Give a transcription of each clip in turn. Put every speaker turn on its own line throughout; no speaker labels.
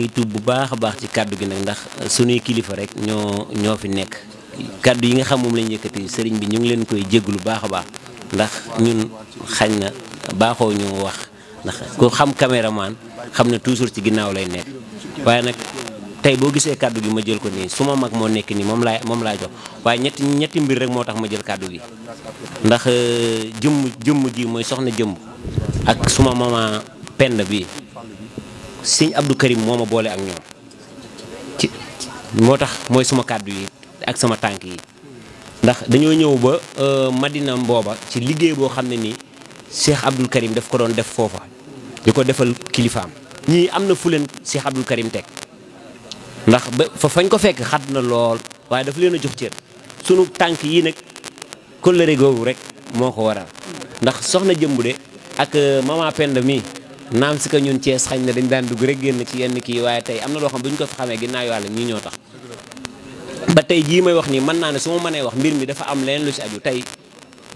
koy tuub bu baax a baax ci kàddu gi nag ndax euh, sunuy kilifa rek ñoo ñoo fi nekk kàddu yi nga xam moom lañ yëkkati sëriñ bi ñu ngi leen koy lu baax a baax ndax ñun xañ na baaxoo ñu wax ndax ku xam caméraman xam ne toujours ci ginnaaw lay nekk waaye nag tey boo gisee kàddu gi ma jël ko nii su ma mag moo nekk nii moom laa moom laa jox waaye ñetti ñetti mbir rek moo tax ma jël kàddu gi ndax euh, jëmm jëmm ji mooy soxna jëmm ak suma mama pend bi siñ Abdou Karim moo ma boole ak ñoom moo tax mooy suma kàddu yi ak sama tànk yi ndax dañoo ñëw ba euh, Madina booba ci liggéey boo xam ne nii Cheikh Abdou Karim daf ko doon def foofa di ko defal kilifaam ñii am na fu leen Cheikh Abdou Karim teg ndax ba fa fañ ko fekk xat na lool waaye daf leen a jox cër sunu tànk yi nag kóllëre googu rek moo ko waral ndax soxna jëmbu de ak euh, mama Penda mi naam si ka ñun Thiès xañ na dañ daan dugg rek génn ci yenn kii waaye tey am na loo xam bu ñu ko fi xamee ginnaaw yàlla ñii ñoo tax ba tey jii may wax nii mën naa ne su ma mënee wax mbir mi dafa am leen lu si aju tey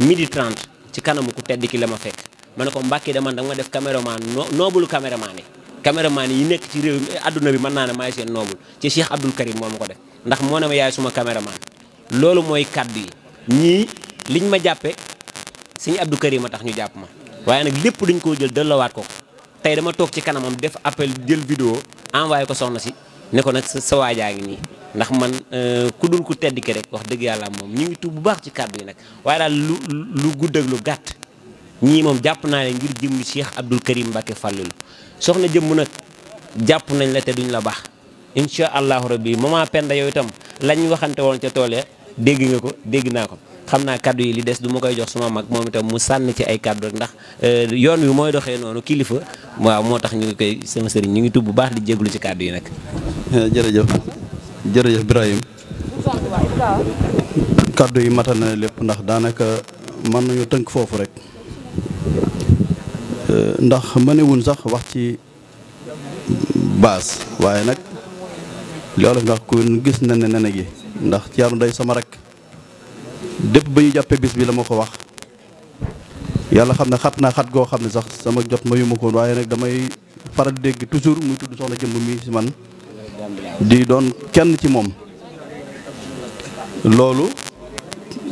midi 30 ci kanamu ku tedd ki la ma fekk ma ne ko Mbàkke de man da nga def caméraman noobul caméraman yi caméraman yi nekk ci réew adduna bi mën naa ne maay seen noobul ci Cheikh Abdoul Karim moo ma ko def ndax moo ne ma yaay suma caméraman loolu mooy kaddu yi ñii liñ ma jàppe sëñ Abdou Karim a tax ñu jàpp ma waaye nag lépp dañ koo jël delloowaat ko tey dama toog ci kanamam def appel jël vidéo envoyé ko soxna si ne ko nag sa waajaa ngi nii ndax man euh, ku dul ku tedd ki rek wax dëgg yàlla moom ñu ngi tuub bu baax ci kàddu yi nag waaye daal lu lu gudd ak lu gàtt ñii moom jàpp naa leen ngir jëmmi Cheikh Abdoul Karim Mbacke Fallou soxna jëmm nag jàpp nañ la te duñ la baax incha allahu rabbi maman Penda yow itam lañ waxante woon ca tool ya dégg nga ko dégg naa ko xam naa kaddu yi li des du ma koy jox suma mag moom itam mu sànni ci ay kaddu rek ndax euh, yoon wi mooy doxee noonu kilifa waaw moo tax ñu ngi koy sama ñu ngi tub bu baax di jéglu ci kàddu yi nag. Eh, jërëjëf jërëjëf Ibrahim
kàddu yi matal na lépp ndax daanaka mën nañu tënk foofu rek eh, ndax mënewuñ sax wax ci baas waaye nag loolu ndax ku gis na ne nene gi ndax Thierno day sama rek dépp ba ñu jàppee bis bi la ma ko wax. yàlla xam ne xat naa xat goo xam ne sax sama jot ma yuma koon waaye nag damay faral dégg toujours muy tudd soxna jëmb mi si man di doon kenn ci moom loolu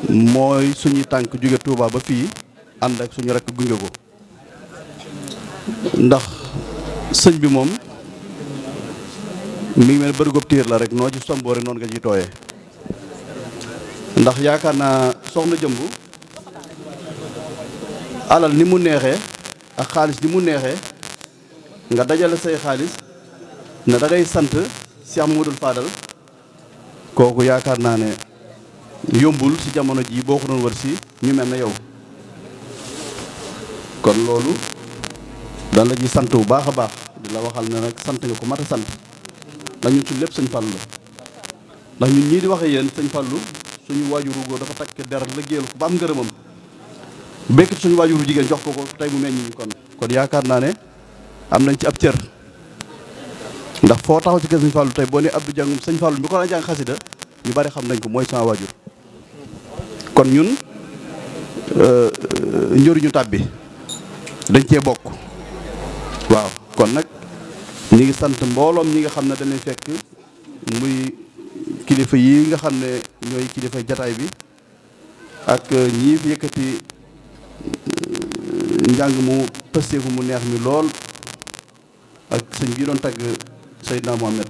mooy suñuy tànk jóge Touba ba fii ànd ak suñu rekk gunge ko ndax sëñ bi moom mi ngi mel bërigoob tiir la rek noo ci somboore noonu nga ciy tooyee ndax yaakaar naa soxna jëmb alal ni mu neexee ak xaalis ni mu neexee nga dajale say xaalis ne da ngay sant Cheikh Mamadou Fadal kooku yaakaar naa ne yombul ci jamono jii boo ko doon wër si ñu mel na yow kon loolu dan la ji sant bu baax a baax di la waxal ne nag sant nga ko mat a sant ndax ñun suñ lépp sëñ Fallu la ndax ñun ñii di waxe yéen sëñ Fallu suñu waajuru goo dafa takk der liggéeyal ko ba am ngërëmam békkit suñu waajuru jigéen jox ko ko tey mu meññ ñu kon kon yaakaar naa ne am nañ ci ab cër ndax foo taxaw ci kër sëñ Fallou tey boo ne Abdou jàngum sëñ Fallou bi ko daan jàng xasida ñu bari xam nañ ko mooy sama waajur kon ñun euh, euh, njëriñu dañ cee bokk waaw kon nag ñi ngi sant mbooloom ñi nga xam ne dañ leen fekk muy kilifa yi nga xam ne ñooy kilifa jataay bi ak euh, ñii yëkkati njàng mu pësteefu mu neex mi lool ak sëñ bi doon tagg Seydina Mohamed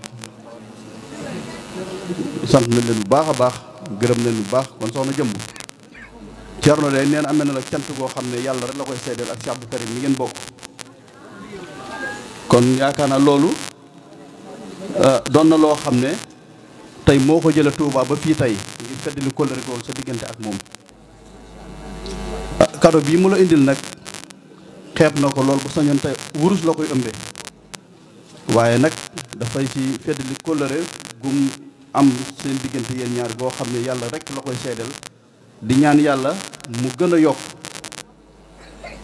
sant nañ leen bu baax a baax gërëm leen bu baax kon soxna jëmb Thierno day neen amee na la cant goo xam ne yàlla rek la koy seddeel ak Cheikh Abdou Karim mi ngeen bokk kon yaakaar naa loolu euh, doon na loo xam ne tey moo ko jëlee Touba ba fii tey ngir feddali kóllëre googu sa diggante ak moom kado bii mu la indil nag xeeb na ko lool bu sañoon wurus la koy ëmbee waaye nag dafay ci feddali kóllëre gum am seen diggante yéen ñaar boo xam ne yàlla rek la koy seedeel di ñaan yàlla mu gën a yokk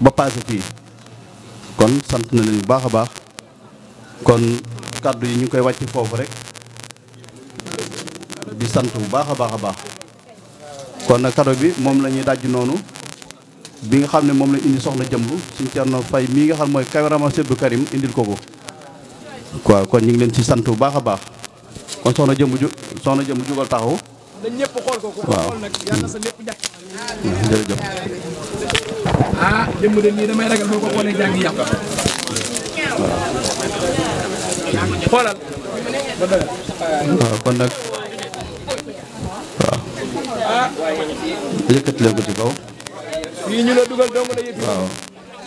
ba paase fii kon sant na leen bu baax a baax kon kàddu yi ñu koy wàcc foofu rek di sant bu baax a baax a baax kon nag kado bi moom la ñuy dajj noonu bi nga xam ne moom la indi soxna jëmb suñ Cerno Fay mii nga xam mooy cameraman Abdou Karim indil ko ko waaw kon ñu ngi leen ci sant bu baax a baax kon nag na sa lépp jàkk mm-hmm. jërëjëf ah jëmb waaw kon nag waaw ah. yëkkati leen ko ci kaw
yii ñu la dugal dong la yëpp waaw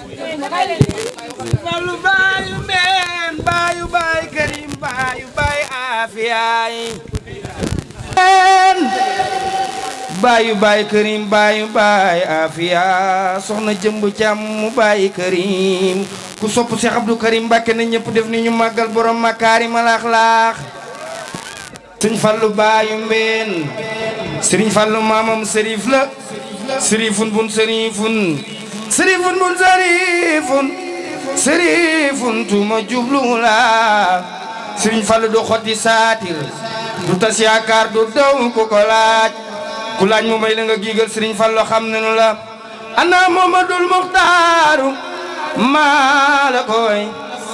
baayu baayu baay baayu baayu baay soxna jëmb càmm mu baay karim ku sopp Cheikh Abdou Karim Mbàkke na ñëpp def ni ñu màggal borom makaarimal axlaax sëñ fallu baayu mbeen sëriñ fallu maamam sërif la sirifun bun sirifun sirifun bun sirifun sirifun tuma jublu la sëriñ Fallu du xotti saatir du tas yaakaar du daw ku ko laaj ku laaj mu may la nga giigal sëriñ Fallu xam nañu la ana Muhammadul Muxtaaru maa la koy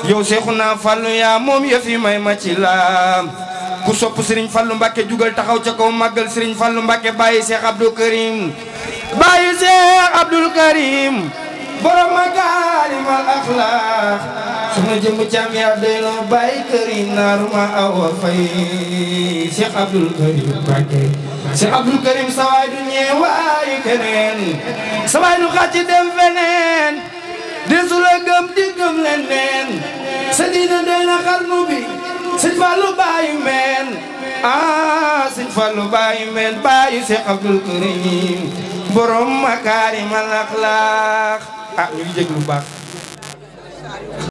yow Seexuna Fallu yaa moom yëfi may ma ci laam ku sopp sëriñ Fallu Mbàkke jugal taxaw ca kaw màggal sëriñ Fallu Mbàkke bàyyi Seex Abdou Karim baayu Seex Abdul Karim borom makaarimal axlaaq sunu jëmm jàmm yaa doy noo bàyyi Karim naaru ma awa fay Seex Abdul Karim Mbàkke Seex Abdul Karim sawaay du ñeewaayu keneen sawaay nu xàcc dem feneen desu la gëm di gëm leneen sa diina doy na xarnu bi sëñ Fallu bàyyu meen ah sëñ Fallu bàyyi mel bàyyi Cheikh Abdoul Karim borom makaarimal axlaaq ah ñu ngi jéglu bu baax